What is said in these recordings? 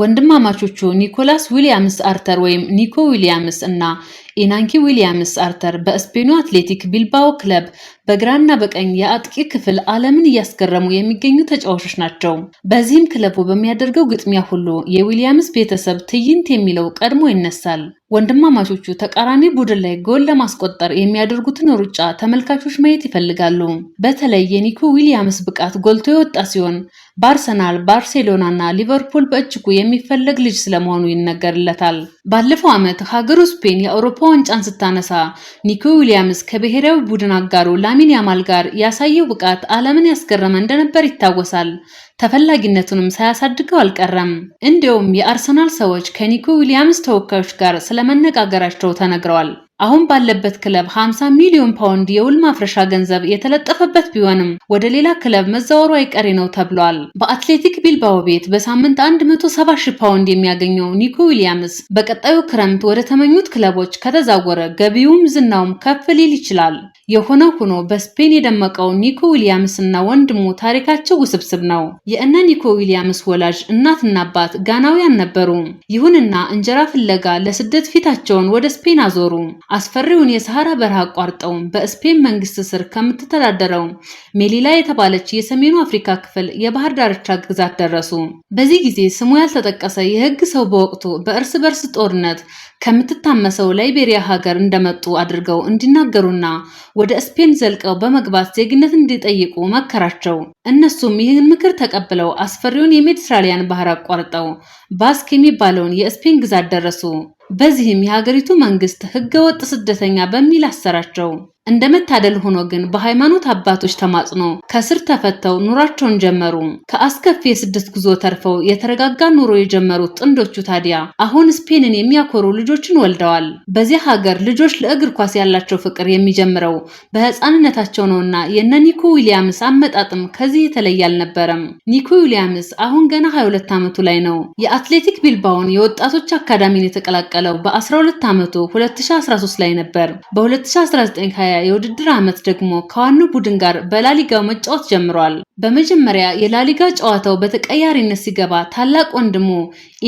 ወንድማማቾቹ ኒኮላስ ዊሊያምስ አርተር ወይም ኒኮ ዊሊያምስ እና ኢናንኪ ዊሊያምስ አርተር በስፔኑ አትሌቲክ ቢልባኦ ክለብ በግራና በቀኝ የአጥቂ ክፍል ዓለምን እያስገረሙ የሚገኙ ተጫዋቾች ናቸው። በዚህም ክለቡ በሚያደርገው ግጥሚያ ሁሉ የዊሊያምስ ቤተሰብ ትዕይንት የሚለው ቀድሞ ይነሳል። ወንድማማቾቹ ተቃራኒ ቡድን ላይ ጎል ለማስቆጠር የሚያደርጉትን ሩጫ ተመልካቾች ማየት ይፈልጋሉ። በተለይ የኒኮ ዊሊያምስ ብቃት ጎልቶ የወጣ ሲሆን በአርሰናል፣ ባርሴሎና እና ሊቨርፑል በእጅጉ የሚፈለግ ልጅ ስለመሆኑ ይነገርለታል። ባለፈው ዓመት ሀገሩ ስፔን የአውሮፓ ዋንጫን ስታነሳ ኒኮ ዊሊያምስ ከብሔራዊ ቡድን አጋሩ ላሚን ያማል ጋር ያሳየው ብቃት ዓለምን ያስገረመ እንደነበር ይታወሳል። ተፈላጊነቱንም ሳያሳድገው አልቀረም። እንዲሁም የአርሰናል ሰዎች ከኒኮ ዊሊያምስ ተወካዮች ጋር ስለመነጋገራቸው ተነግረዋል። አሁን ባለበት ክለብ 50 ሚሊዮን ፓውንድ የውል ማፍረሻ ገንዘብ የተለጠፈበት ቢሆንም ወደ ሌላ ክለብ መዛወሩ አይቀሬ ነው ተብሏል። በአትሌቲክ ቢልባኦ ቤት በሳምንት 170 ሺህ ፓውንድ የሚያገኘው ኒኮ ዊሊያምስ በቀጣዩ ክረምት ወደ ተመኙት ክለቦች ከተዛወረ ገቢውም ዝናውም ከፍ ሊል ይችላል። የሆነ ሆኖ በስፔን የደመቀው ኒኮ ዊሊያምስ እና ወንድሙ ታሪካቸው ውስብስብ ነው። የእነ ኒኮ ዊሊያምስ ወላጅ እናትና አባት ጋናውያን ነበሩ። ይሁንና እንጀራ ፍለጋ ለስደት ፊታቸውን ወደ ስፔን አዞሩ። አስፈሪውን የሰሐራ በረሃ አቋርጠው በስፔን መንግስት ስር ከምትተዳደረው ሜሊላ የተባለች የሰሜኑ አፍሪካ ክፍል የባህር ዳርቻ ግዛት ደረሱ። በዚህ ጊዜ ስሙ ያልተጠቀሰ የህግ ሰው በወቅቱ በእርስ በርስ ጦርነት ከምትታመሰው ላይቤሪያ ሀገር እንደመጡ አድርገው እንዲናገሩና ወደ ስፔን ዘልቀው በመግባት ዜግነት እንዲጠይቁ መከራቸው። እነሱም ይህን ምክር ተቀብለው አስፈሪውን የሜዲትራሊያን ባህር አቋርጠው ባስክ የሚባለውን የስፔን ግዛት ደረሱ። በዚህም የሀገሪቱ መንግስት ህገወጥ ስደተኛ በሚል አሰራቸው። እንደመታደል ሆኖ ግን በሃይማኖት አባቶች ተማጽኖ ከስር ተፈተው ኑሯቸውን ጀመሩ። ከአስከፊ የስደት ጉዞ ተርፈው የተረጋጋ ኑሮ የጀመሩት ጥንዶቹ ታዲያ አሁን ስፔንን የሚያኮሩ ልጆችን ወልደዋል። በዚያ ሀገር ልጆች ለእግር ኳስ ያላቸው ፍቅር የሚጀምረው በህፃንነታቸው ነውና የነ ኒኮ ዊሊያምስ አመጣጥም ከዚህ የተለየ አልነበረም። ኒኮ ዊሊያምስ አሁን ገና 22 ዓመቱ ላይ ነው። የአትሌቲክ ቢልባውን የወጣቶች አካዳሚን የተቀላቀለው በ12 ዓመቱ 2013 ላይ ነበር። በ2019 የውድድር ዓመት ደግሞ ከዋናው ቡድን ጋር በላሊጋው መጫወት ጀምሯል። በመጀመሪያ የላሊጋ ጨዋታው በተቀያሪነት ሲገባ ታላቅ ወንድሙ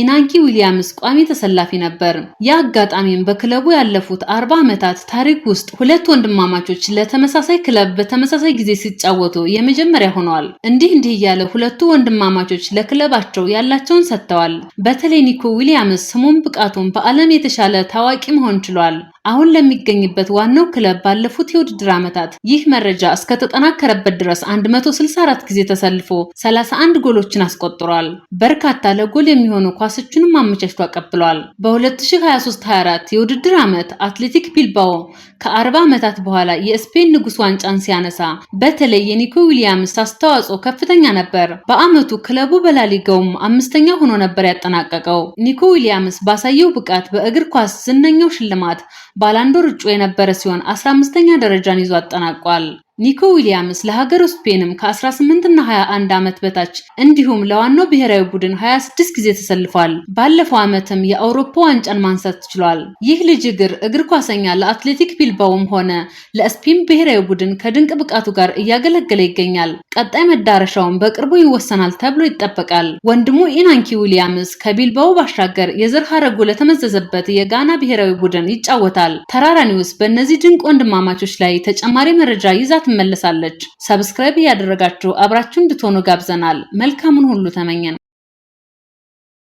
ኢናንኪ ዊሊያምስ ቋሚ ተሰላፊ ነበር። ያ አጋጣሚም በክለቡ ያለፉት አርባ ዓመታት ታሪክ ውስጥ ሁለት ወንድማማቾች ለተመሳሳይ ክለብ በተመሳሳይ ጊዜ ሲጫወቱ የመጀመሪያ ሆነዋል። እንዲህ እንዲህ እያለ ሁለቱ ወንድማማቾች ለክለባቸው ያላቸውን ሰጥተዋል። በተለይ ኒኮ ዊሊያምስ ስሙም ብቃቱም በዓለም የተሻለ ታዋቂ መሆን ችሏል። አሁን ለሚገኝበት ዋናው ክለብ ባለፉት የውድድር ዓመታት ይህ መረጃ እስከተጠናከረበት ድረስ 164 ጊዜ ተሰልፎ 31 ጎሎችን አስቆጥሯል። በርካታ ለጎል የሚሆኑ ኳሶችንም አመቻችቶ አቀብሏል። በ2023/24 የውድድር ዓመት አትሌቲክ ቢልባኦ ከ40 ዓመታት በኋላ የስፔን ንጉሥ ዋንጫን ሲያነሳ በተለይ የኒኮ ዊሊያምስ አስተዋጽኦ ከፍተኛ ነበር። በዓመቱ ክለቡ በላሊጋውም አምስተኛ ሆኖ ነበር ያጠናቀቀው። ኒኮ ዊሊያምስ ባሳየው ብቃት በእግር ኳስ ዝነኛው ሽልማት ባላንዶር እጩ የነበረ ሲሆን አስራ አምስተኛ ደረጃን ይዞ አጠናቋል። ኒኮ ዊሊያምስ ለሀገር ውስጥ ስፔንም ከ18 እና 21 ዓመት በታች እንዲሁም ለዋናው ብሔራዊ ቡድን 26 ጊዜ ተሰልፏል። ባለፈው ዓመትም የአውሮፓ ዋንጫን ማንሳት ችሏል። ይህ ልጅ እግር እግር ኳሰኛ ለአትሌቲክ ቢልባውም ሆነ ለስፔን ብሔራዊ ቡድን ከድንቅ ብቃቱ ጋር እያገለገለ ይገኛል። ቀጣይ መዳረሻውን በቅርቡ ይወሰናል ተብሎ ይጠበቃል። ወንድሙ ኢናንኪ ዊሊያምስ ከቢልባው ባሻገር የዘር ሀረጉ ለተመዘዘበት የጋና ብሔራዊ ቡድን ይጫወታል። ተራራ ኒውስ በእነዚህ ድንቅ ወንድማማቾች ላይ ተጨማሪ መረጃ ይዛ ትመለሳለች። ሰብስክራይብ እያደረጋችሁ አብራችሁ እንድትሆኑ ጋብዘናል። መልካሙን ሁሉ ተመኘን።